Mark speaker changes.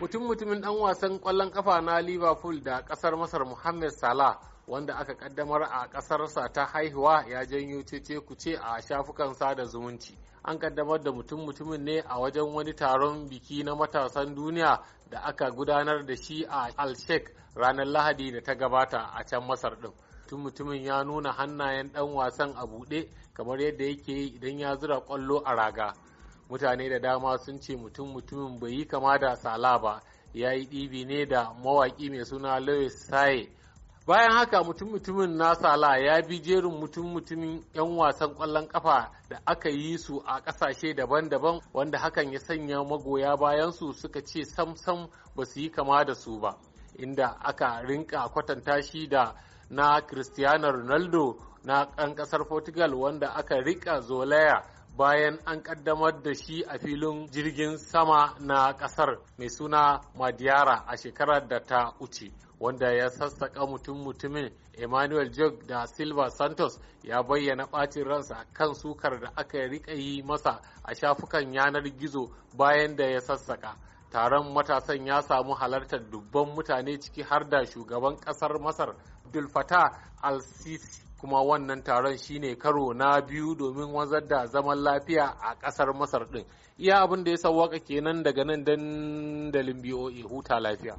Speaker 1: mutum mutumin dan wasan kwallon kafa na liverpool da kasar masar muhammad salah wanda aka kaddamar a kasarsa ta haihuwa ya janyo cece kuce a shafukan sada zumunci an kaddamar da mutum mutumin ne a wajen wani taron biki na matasan duniya da aka gudanar da shi a al ranar lahadi da ta gabata a can masar din mutum mutumin ya nuna hannayen dan wasan a buɗe kamar yadda yake yi idan ya zura kwallo a raga mutane da dama sun ce mutum mutumin bai yi kama da sala ba ya yi ɗibi ne da mawaƙi mai suna Louis Saye. Bayan haka mutum mutumin na sala ya bi jerin mutum mutumin 'yan wasan ƙwallon ƙafa da aka yi su a ƙasashe daban-daban wanda hakan ya sanya magoya bayan su suka ce sam-sam ba su yi kama da su ba. Inda aka rinka kwatanta shi da na Cristiano Ronaldo na ɗan ƙasar Portugal wanda aka rika zolaya bayan an kaddamar da shi a filin jirgin sama na kasar mai suna madiyara a shekarar da ta wuce wanda ya sassaka mutum mutumin emmanuel jog da silva santos ya bayyana ɓacin ransa kan sukar da aka rika yi masa a shafukan yanar gizo bayan da ya sassaka taron matasan ya samu halartar dubban mutane ciki har da shugaban kasar masar dulfata al-sisi kuma wannan taron shine karo na biyu domin wanzar da zaman lafiya a ƙasar masar ɗin iya abin da ya sauwaka kenan daga nan dandalin boa huta lafiya